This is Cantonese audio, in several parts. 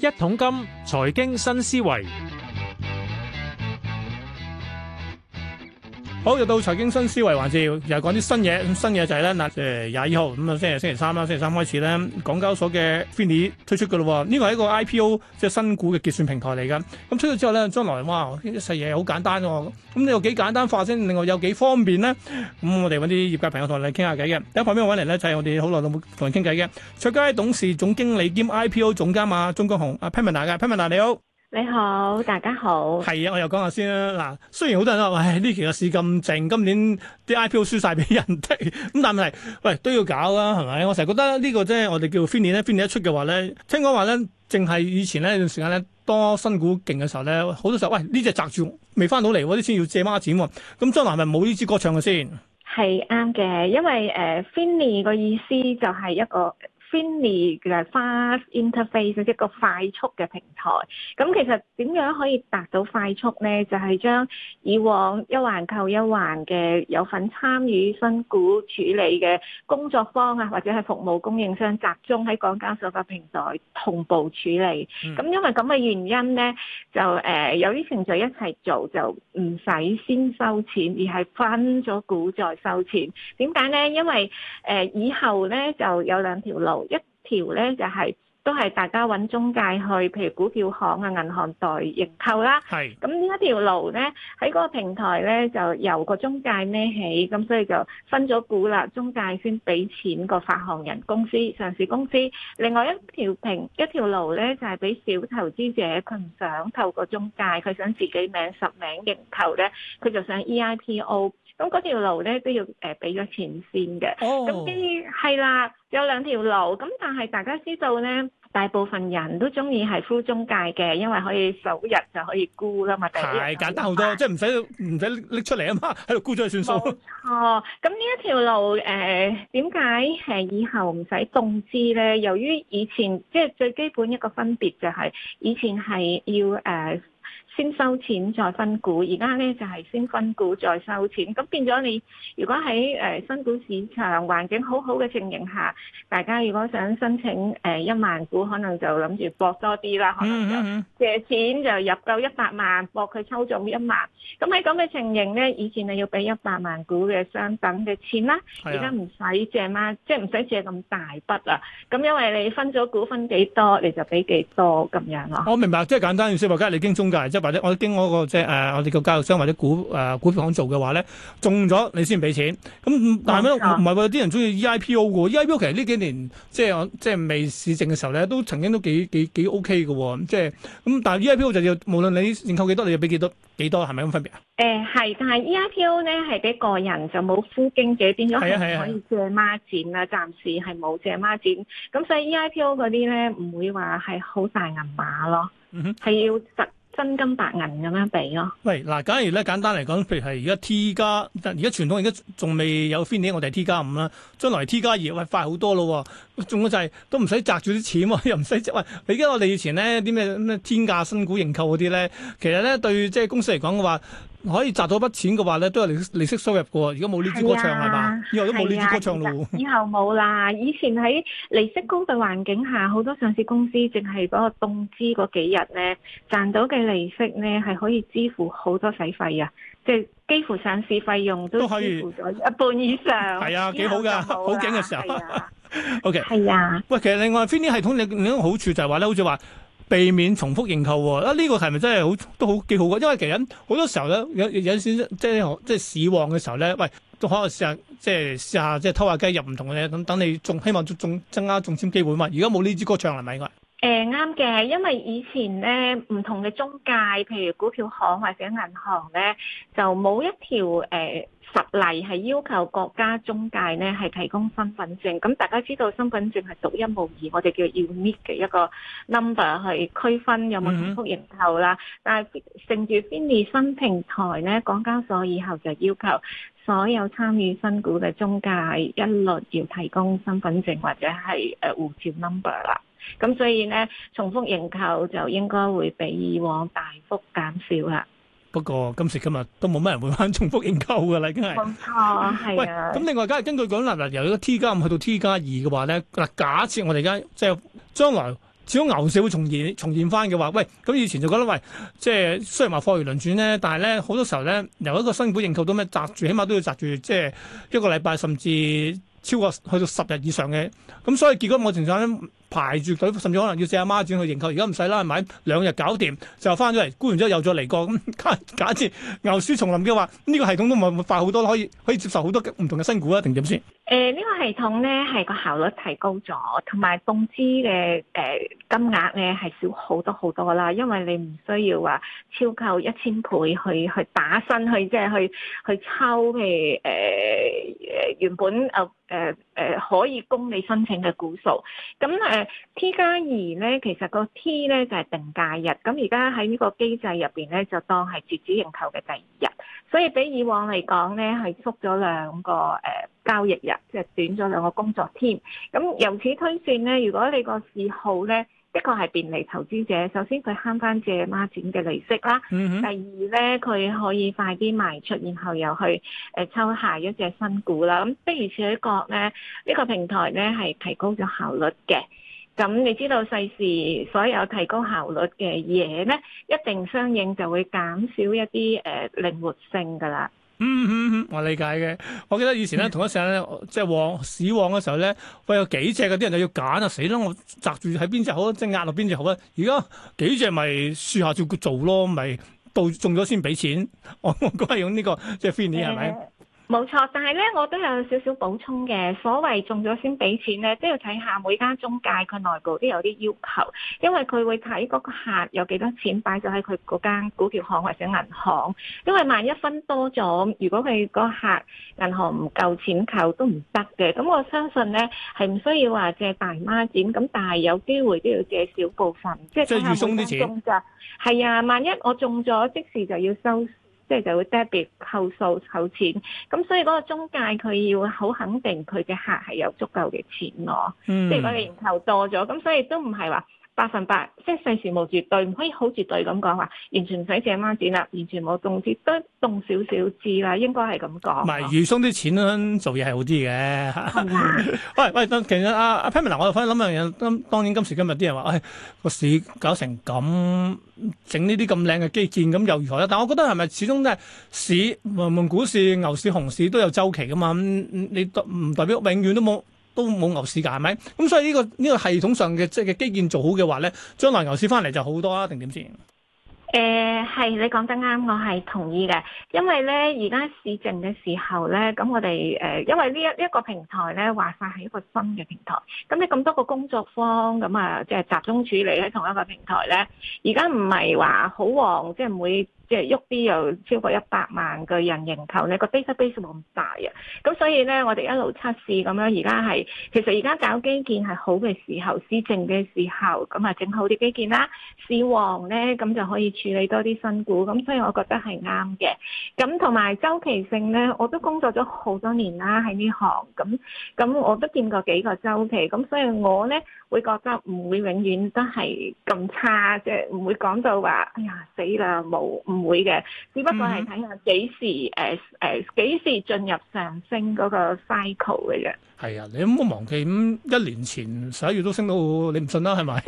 一桶金，財經新思維。好，又到財經新思維環節，又係講啲新嘢。咁新嘢就係、是、咧，嗱誒廿二號咁啊，星期星期三啦，星期三開始咧，港交所嘅 FINI 推出嘅咯。呢個係一個 IPO 即係新股嘅結算平台嚟嘅。咁出咗之後咧，將來哇，一世嘢好簡單喎、啊。咁你有幾簡單化先？另外有幾方便咧？咁、嗯、我哋揾啲業界朋友同你哋傾下偈嘅。第一旁邊揾嚟咧，就係我哋好耐都冇同人傾偈嘅，卓佳董事總經理兼 IPO 總監阿鍾絳虹、p 阿潘文達嘅潘文達，你好。你好，大家好。係啊，我又講下先啦。嗱，雖然好多人都話，唉，呢期嘅市咁靜，今年啲 IPO 輸晒俾人哋，咁但係，喂，都要搞啊，係咪？我成日覺得呢、這個即係我哋叫 FINI 咧，FINI 一出嘅話咧，聽講話咧，淨係以前呢段時間咧多新股勁嘅時候咧，好多時候喂呢隻砸住，未翻到嚟，啲先要借孖錢。咁張華咪冇呢支歌唱嘅先，係啱嘅，因為誒、uh, FINI 個意思就係一個。FINI 嘅 Fast Interface 一個快速嘅平台，咁其實點樣可以達到快速呢？就係、是、將以往一環扣一環嘅有份參與新股處理嘅工作方啊，或者係服務供應商集中喺港交所個平台同步處理。咁、嗯、因為咁嘅原因呢，就誒有啲程序一齊做，就唔使先收錢，而係分咗股再收錢。點解呢？因為誒、呃、以後呢，就有兩條路。一條呢就係、是、都係大家揾中介去，譬如股票行啊、銀行代認購啦。係是。咁呢一條路呢，喺嗰個平台呢，就由個中介孭起，咁所以就分咗股啦。中介先畀錢個發行人公司、上市公司。另外一條平一條路呢，就係、是、畀小投資者佢唔想透過中介，佢想自己名實名認購呢，佢就想 E I P O。咁嗰條路咧都要誒俾咗錢先嘅，咁跟住係啦，有兩條路。咁、嗯、但係大家知道咧，大部分人都中意係呼中介嘅，因為可以首日就可以沽啦嘛。係是簡單好多，即係唔使唔使拎出嚟啊嘛，喺度沽咗就算數。冇錯。咁呢一條路誒點解誒以後唔使凍資咧？由於以前即係最基本一個分別就係、是，以前係要誒。呃先收錢再分股，而家咧就係先分股再收錢。咁變咗你，如果喺誒新股市場環境好好嘅情形下，大家如果想申請誒一萬股，可能就諗住博多啲啦。可能就借錢就入夠一百萬，博佢抽中一萬。咁喺咁嘅情形咧，以前你要俾一百萬股嘅相等嘅錢啦，而家唔使借嘛，即係唔使借咁大筆啊。咁因為你分咗股分幾多，你就俾幾多咁樣咯。我明白，即係簡單啲説話，即係你經中介即係。或者我哋經嗰個即係誒，我哋個交易、呃、商或者股誒、呃、股票行做嘅話咧，中咗你先俾錢。咁但係咧、e，唔係有啲人中意 E I P O 嘅。E I P O 其實呢幾年即係即係未市證嘅時候咧，都曾經都幾幾幾 O K 嘅喎。即係咁，但係 E I P O 就要無論你認購幾多，你要俾幾多幾多，係咪咁分別啊？誒係，但係 E I P O 咧係俾個人就冇經紀邊咗係啊係啊，可以借孖展啦，暫、啊啊啊、時係冇借孖展。咁所以 E I P O 嗰啲咧唔會話係好大銀碼咯。嗯，係要實。真金白銀咁樣俾咯。喂，嗱，簡易咧簡單嚟講，譬如係而家 T 加，而家傳統而家仲未有 FINI，我哋 T 加五啦。將來 T 加二，就是，喂，快好多咯。仲嗰就係都唔使擸住啲錢喎，又唔使即係。你而家我哋以前咧啲咩咩天價新股認購嗰啲咧，其實咧對即係公司嚟講嘅話。可以賺到筆錢嘅話咧，都有利利息收入嘅喎。如果冇呢支歌唱係嘛、啊，以後都冇呢支歌唱咯。啊、以後冇啦。以前喺利息高嘅環境下，好多上市公司淨係嗰個凍資嗰幾日咧，賺到嘅利息咧係可以支付好多使費啊，即係幾乎上市費用都支付咗一半以上。係啊，幾好㗎，好勁嘅時候。O K。係啊。喂 okay,、啊，其實另外 FINI 系統另一個好處就係話咧，好似話。避免重複認購喎，啊呢、呢個係咪真係好都，都好幾好嘅，因為其實好多時候咧有有啲即係即係市旺嘅時候咧，喂都可能試下即係試下即係偷下雞入唔同嘅嘢，等等你仲希望仲增加中籤機會嘛？而家冇呢支歌唱係咪、啊、應該？誒啱嘅，因為以前咧唔同嘅中介，譬如股票行或者銀行咧，就冇一條誒。呃實例係要求國家中介呢係提供身份證，咁大家知道身份證係獨一無二，我哋叫 unique 嘅一個 number、嗯、哼去區分有冇重複認購啦。但係乘住 FINI 新平台呢，港交所以後就要求所有參與新股嘅中介一律要提供身份證或者係誒護照 number 啦。咁所以呢，重複認購就應該會比以往大幅減少啦。不過今時今日都冇乜人會返重複認購噶啦，已經係冇錯，係咁另外。假如根據講嗱嗱由一個 T 加五去到 T 加二嘅話咧，嗱假設我哋而家即係將來始終牛市會重現重現翻嘅話，喂，咁以前就覺得喂，即係雖然話貨如輪轉咧，但係咧好多時候咧，由一個新股認購到咩砸住，起碼都要砸住即係一個禮拜，甚至超過去到十日以上嘅，咁、嗯、所以結果某程度上咧。排住隊，甚至可能要四阿媽，媽轉去認購，而家唔使啦，係咪？兩日搞掂就翻咗嚟，沽完之後又再嚟過，咁 假假設牛市重臨嘅話，呢、這個系統都唔會快好多，可以可以接受好多唔同嘅新股啊？定點先？誒、呃，呢、這個系統咧係個效率提高咗，同埋凍資嘅誒、呃、金額咧係少好多好多啦，因為你唔需要話超購一千倍去去打新，去即係去去抽譬誒誒原本牛誒。呃呃誒、呃、可以供你申請嘅股數，咁誒、呃、T 加二咧，其實個 T 咧就係、是、定價日，咁而家喺呢個機制入邊咧，就當係截止認購嘅第二日，所以比以往嚟講咧，係縮咗兩個誒、呃、交易日，即係短咗兩個工作天。咁由此推算咧，如果你個市好咧，的確係便利投資者，首先佢慳翻借孖展嘅利息啦。嗯、哼第二呢，佢可以快啲賣出，然後又去誒抽下一隻新股啦。咁的而且確呢，呢、呢個平台呢係提高咗效率嘅。咁你知道，世事所有提高效率嘅嘢呢，一定相應就會減少一啲誒、呃、靈活性㗎啦。嗯嗯嗯，嗯，我理解嘅。我記得以前咧， 同一隻咧，即係旺市旺嘅時候咧，喂有幾隻嗰啲人就要揀啊死啦！我擲住喺邊隻好，即係壓落邊隻好啊！而家幾隻咪樹下做做咯，咪到中咗先俾錢。我我都係用呢、呢個即係 FINI，係咪？冇錯，但係咧，我都有少少補充嘅。所謂中咗先畀錢咧，都要睇下每間中介佢內部都有啲要求，因為佢會睇嗰個客有幾多錢擺咗喺佢嗰間股票行或者銀行。因為萬一分多咗，如果佢嗰客銀行唔夠錢扣都唔得嘅。咁我相信呢，係唔需要話借大孖展，咁但係有機會都要借少部分，即係要鬆啲錢。係啊，萬一我中咗，即時就要收。即係就會 debit 扣數扣錢，咁所以嗰個中介佢要好肯定佢嘅客係有足夠嘅錢咯，啊，嗯、即係佢認購多咗，咁所以都唔係話，百分百，即係世事無絕對，唔可以好絕對咁講話，完全唔使借孖錢啦，完全冇動資，得動少少資啦，應該係咁講。唔係預鬆啲錢啦，做嘢係好啲嘅。喂喂，其實阿阿 Pamela，我又翻諗樣嘢，今當然今時今日啲人話，個市搞成咁，整呢啲咁靚嘅基建咁又如何咧？但係我覺得係咪始終都係市，無論股市、牛市、熊市都有週期噶嘛？你代唔代表永遠都冇？都冇牛市噶，係咪？咁所以呢、這個呢、這個系統上嘅即係基建做好嘅話呢將來牛市翻嚟就好多啦。定點先？誒、呃，係你講得啱，我係同意嘅。因為呢，而家市政嘅時候呢，咁我哋誒、呃，因為呢一一個平台呢，話晒係一個新嘅平台。咁你咁多個工作坊，咁啊，即係集中處理喺同一個平台呢，而家唔係話好旺，即係唔會。即係喐啲又超過一百萬個人認購咧，個 base base 冇咁大啊，咁所以呢，我哋一路測試咁樣，而家係其實而家搞基建係好嘅時候，市靜嘅時候咁啊整好啲基建啦，市旺呢，咁就可以處理多啲新股，咁所以我覺得係啱嘅。咁同埋周期性呢，我都工作咗好多年啦喺呢行，咁咁我都見過幾個周期，咁所以我呢。會覺得唔會永遠都係咁差，即係唔會講到話，哎呀死啦冇，唔會嘅，只不過係睇下幾時誒誒幾時進入上升嗰個 cycle 嘅啫。係啊，你唔好忘記咁、嗯、一年前十一月都升到，你唔信啦，係咪？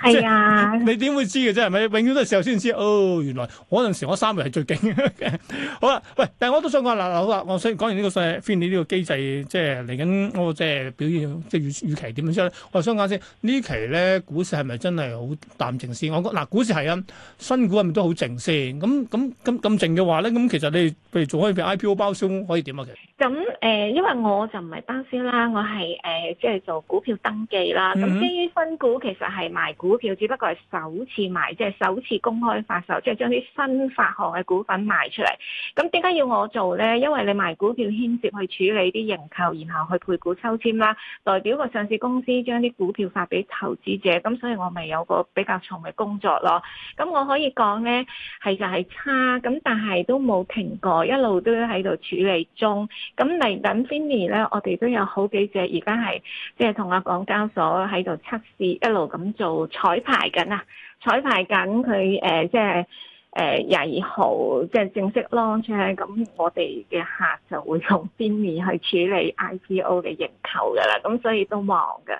係 啊即。哎、呀你點會知嘅啫？係咪？永遠都係時候先知。哦，原來我嗰陣時我三月係最勁嘅。 好啦、啊，喂，但係我都想講嗱嗱好啦，好啊、我想講完呢個嘅 FINI 呢個機制，即係嚟緊，我即係表現即係預預期點樣先？我想講先，呢期咧股市係咪真係好淡靜先？我嗱股市係啊，新股係咪都好靜先？咁咁咁咁靜嘅話咧，咁其實你譬如仲可以如 IPO 包銷可以點啊？其實？咁誒，因為我就唔係包銷啦，我係誒即係做股票登記啦。咁基於分股其實係賣股票，只不過係首次賣，即係首次公開發售，即係將啲新發行嘅股份賣出嚟。咁點解要我做呢？因為你賣股票牽涉去處理啲認購，然後去配股抽籤啦，代表個上市公司將啲股票發俾投資者。咁所以我咪有個比較重嘅工作咯。咁我可以講呢，係就係差，咁但係都冇停過，一路都喺度處理中。咁嚟緊 FINI 咧，ini，我哋都有好幾隻，而家係即係同阿港交所喺度測試，一路咁做彩排緊啊！彩排緊佢誒，即係誒廿二號即係正式 launch、嗯。咁我哋嘅客就會用 FINI 去處理 IPO 嘅認購㗎啦。咁、嗯、所以都忙噶。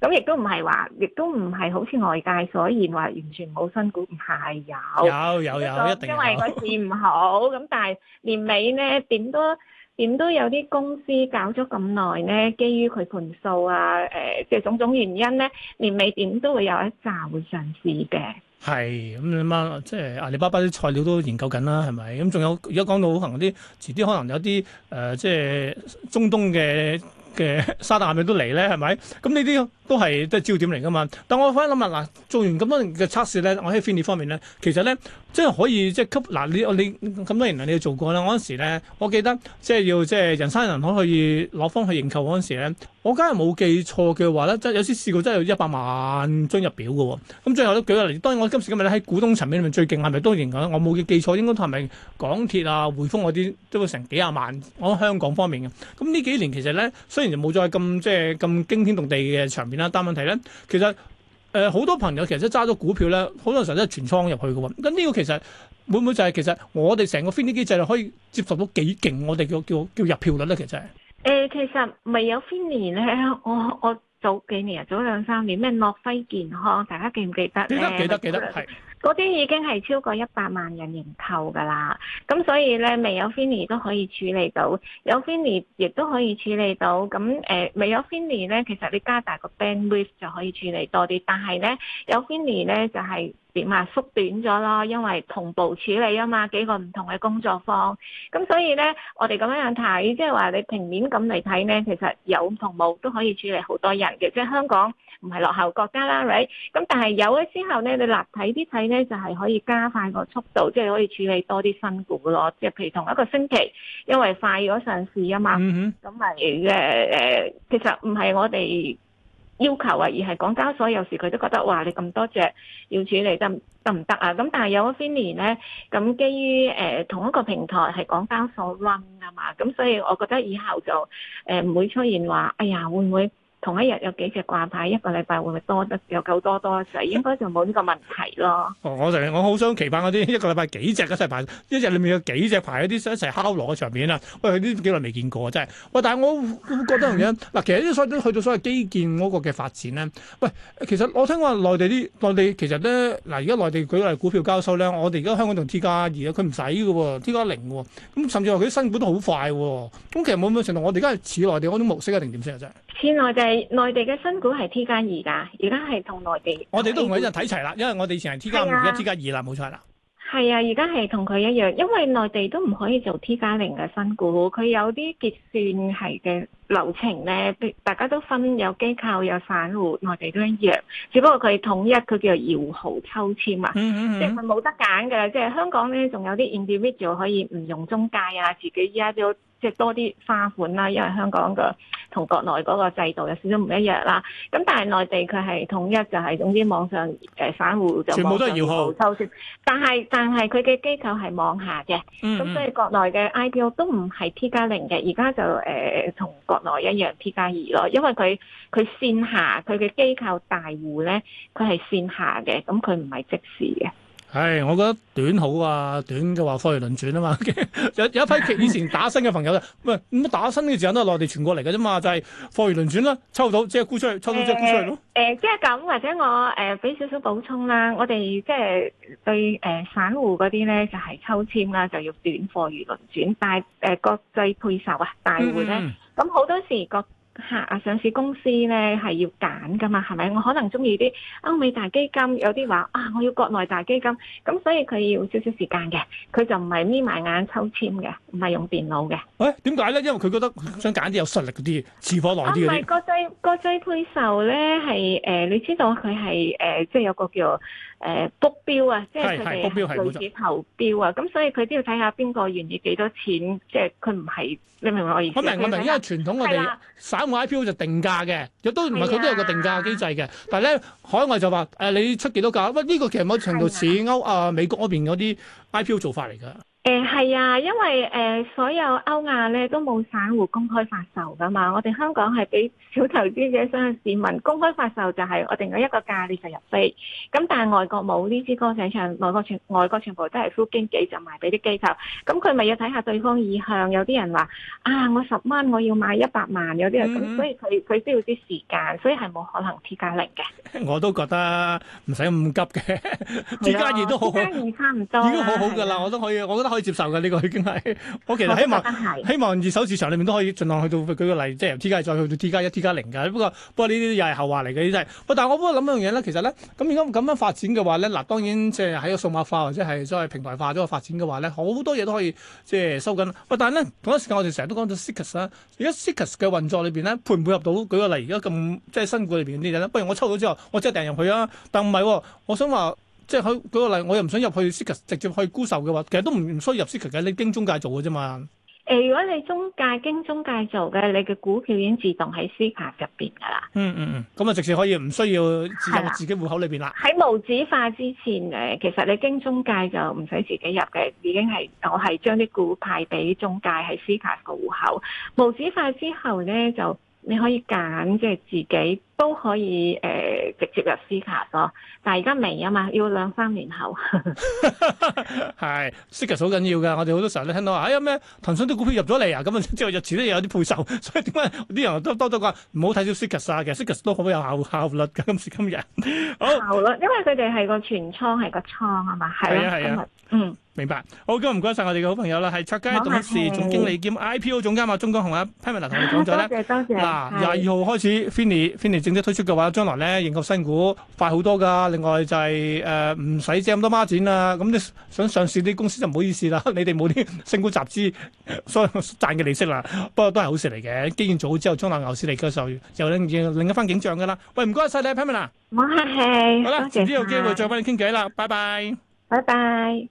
咁、嗯、亦都唔係話，亦都唔係好似外界所言話完全冇新股，唔係有有有有，一定有因為個市唔好。咁 但係年尾咧點都～點都有啲公司搞咗咁耐咧，基於佢盤數啊，誒、呃，即係種種原因咧，年尾點都會有一紮會上市嘅。係，咁、嗯、啊，即、就、係、是、阿里巴巴啲材料都研究緊啦，係咪？咁、嗯、仲有，而家講到可能啲遲啲，可能有啲誒，即、呃、係、就是、中東嘅。嘅沙達咪都嚟咧，係咪？咁呢啲都係即係焦點嚟噶嘛？但我反而諗下，嗱，做完咁多年嘅測試咧，我喺 FINI 方面咧，其實咧即係可以即係吸嗱，你你咁多年嚟你做過啦。我嗰時咧，我記得即係要即係人山人海可以攞方去認購嗰陣時咧，我梗係冇記錯嘅話咧，即係有啲試過真係一百萬張入表嘅喎、哦。咁最後都舉一嚟。當然我今時今日咧喺股東層面裡面最勁係咪都然講我冇記錯應該係咪港鐵啊、匯豐嗰啲都成幾廿萬，我、啊、香港方面嘅。咁呢幾年其實咧，雖然，雖然，雖然就冇再咁即係咁驚天動地嘅場面啦，但問題咧，其實誒好、呃、多朋友其實都揸咗股票咧，好多時候都係全倉入去嘅。咁呢個其實會唔會就係、是、其實我哋成個 FINI 機制度可以接受到幾勁？我哋叫叫叫入票率咧，其實誒、呃，其實未有 FINI 咧？我我早幾年啊，早兩三年咩諾輝健康，大家記唔記？記得？記得記得記得係。嗰啲已經係超過一百萬人認購㗎啦，咁所以咧，未有 FINI 都可以處理到，有 FINI 亦都可以處理到。咁誒未有 FINI 咧，其實你加大個 bandwidth 就可以處理多啲。但係咧有 FINI 咧就係點啊，縮短咗咯，因為同步處理啊嘛，幾個唔同嘅工作坊。咁所以咧我哋咁樣樣睇，即係話你平面咁嚟睇咧，其實有同冇都可以處理好多人嘅。即係香港唔係落後國家啦，right？咁但係有咗之後咧，你立體啲睇咧。咧就係可以加快個速度，即係可以處理多啲新股咯。即係譬如同一個星期，因為快咗上市啊嘛，咁咪誒誒，其實唔係我哋要求啊，而係港交所有時佢都覺得哇，你咁多隻要處理得得唔得啊？咁但係有個 FINI 呢，咁基於誒同一個平台係港交所 run 啊嘛，咁所以我覺得以後就誒唔會出現話，哎呀會唔會？同一日有幾隻掛牌，一個禮拜會唔多得有夠多多曬？應該就冇呢個問題咯，哦。我成日我好想期盼嗰啲一個禮拜幾隻一齊排，一隻裏面有幾隻牌啲一齊敲鑼嘅場面啊！喂，哎，佢呢幾耐未見過啊，真係喂，哎！但係我覺得樣嗱， 其實啲所去到所謂基建嗰個嘅發展咧，喂，其實我聽講內地啲內地其實咧嗱，而家內地舉例股票交收咧，我哋而家香港仲 t 加二啊，佢唔使嘅喎，t 加零喎，咁甚至話佢啲新股都好快喎，咁其實冇咩程度，我哋而家係似內地嗰種模式啊，定點先啊，真市內地內地嘅新股係 T 加二㗎，而家係同內地，內地內地我哋都喺就睇齊啦，因為我哋成係 T 加五、一、T 加二啦，冇錯啦。係啊，而家係同佢一樣，因為內地都唔可以做 T 加零嘅新股，佢有啲結算係嘅流程咧，大家都分有機構有散戶，內地都一樣，只不過佢統一佢叫做搖號抽籤啊，即係佢冇得揀㗎，即係香港咧仲有啲 individual 可以唔用中介啊，自己依家都。即多啲花款啦，因為香港個同國內嗰個制度有少少唔一樣啦。咁但係內地佢係統一，就係、是、總之網上誒、呃、散戶就全部都係搖號抽籤，但係但係佢嘅機構係網下嘅。咁、嗯嗯、所以國內嘅 IPO 都唔係 T 加零嘅，而家就誒同、呃、國內一樣 T 加二咯。因為佢佢線下佢嘅機構大戶呢，佢係線下嘅，咁佢唔係即時嘅。係，我覺得短好啊，短嘅話貨如輪轉啊嘛。 有有一批以前打新嘅朋友咧，唔係咁打新嘅時候都係內地傳過嚟嘅啫嘛，就係、是、貨如輪轉啦，抽到即係沽出去，抽到即係沽出去咯。誒，即係咁，或者我誒俾少少補充啦。我哋即係對誒散戶嗰啲咧，就係抽籤啦，就要短貨如輪轉，大誒國際配售啊，大戶咧，咁好、嗯、多時國。嚇！上市公司咧係要揀噶嘛，係咪？我可能中意啲歐美大基金，有啲話啊，我要國內大基金。咁所以佢要少少時間嘅，佢就唔係瞇埋眼抽籤嘅，唔係用電腦嘅。喂，點解咧？因為佢覺得想揀啲有實力嗰啲持貨耐啲。唔係國際國際配售咧係誒，你知道佢係誒，即係有個叫誒 book 標啊，即係佢哋類似投標啊。咁所以佢都要睇下邊個願意幾多錢，即係佢唔係你明唔明我意思？我明我明，因為傳統我哋。IPO 就定價嘅，亦都唔係佢都有個定價機制嘅。但係咧，海外就話誒、呃、你出幾多價，喂，呢個其實某程度似歐啊美國嗰邊嗰啲 IPO 做法嚟㗎。誒係啊，因為誒所有歐亞咧都冇散戶公開發售噶嘛，我哋香港係俾小投資者、小市民公開發售，就係我定咗一個價你就入飛。咁但係外國冇呢支歌仔唱，外國全外國全部都係呼經紀就賣俾啲機構，咁佢咪要睇下對方意向？有啲人話啊，我十蚊我要買一百萬，有啲人咁，所以佢佢需要啲時間，所以係冇可能 T 加零嘅。我都覺得唔使咁急嘅，T 加二都好好，T 加二差唔多，已經好好㗎啦，我都可以，我覺得。可以接受嘅，呢個已經係，我其實希望希望二手市場裏面都可以盡量去到，舉個例，即係由 T 加再去到 T 加一、T 加零嘅。不過不過呢啲又係後話嚟嘅，呢啲真係。喂，但係我不過諗一樣嘢咧，其實咧咁而家咁樣發展嘅話咧，嗱當然即係喺個數碼化或者係所謂平台化咗個發展嘅話咧，好多嘢都可以即係收緊。喂，但係咧同一時間我哋成日都講到 CCASS 啦，而家 CCASS 嘅運作裏邊咧配唔配合到？舉個例，而家咁即係新股裏邊啲嘢咧，不如我抽到之後我即係掟入去啊！但唔係、哦，我想話。即係佢舉個例，我又唔想入去 CCASS，直接可以沽售嘅話，其實都唔唔需要入 CCASS 嘅，你經中介做嘅啫嘛。誒，如果你中介經中介做嘅，你嘅股票已經自動喺 CCASS 入邊噶啦。嗯嗯嗯，咁啊，直接可以唔需要自己自己戶口裏邊啦。喺無紙化之前，誒，其實你經中介就唔使自己入嘅，已經係我係將啲股派俾中介喺 CCASS 個戶口。無紙化之後咧，就你可以揀即係自己。都可以誒直接入 CCASS 咯，但係而家未啊嘛，要兩三年後。係 CCASS 好緊要㗎，我哋好多時候都聽到話，哎呀咩騰訊啲股票入咗嚟啊，咁之後入前都有啲配售，所以點解啲人都多多講唔好睇少 CCASS 啊？其實 CCASS 都好有效效率，今時今日。好，因為佢哋係個全倉係個倉啊嘛，係啊係啊，嗯，明白。好，咁，唔該晒我哋嘅好朋友啦，係卓佳董事總經理兼 IPO 總監啊，鍾絳虹啊，Pamela 同你講咗多謝多謝。嗱，廿二號開始 FINI，FINI。政策推出嘅話，將來呢認購新股快好多噶。另外就係誒唔使借咁多孖展啦。咁你想上市啲公司就唔好意思啦。你哋冇啲新股集資所以賺嘅利息啦。不過都係好事嚟嘅。既然做好之後，將來牛市嚟嘅時候又另另一番景象噶啦。喂，唔該晒你，Pamela。唔好客氣。好啦吧，遲啲有機會再幫你傾偈啦。拜拜。拜拜。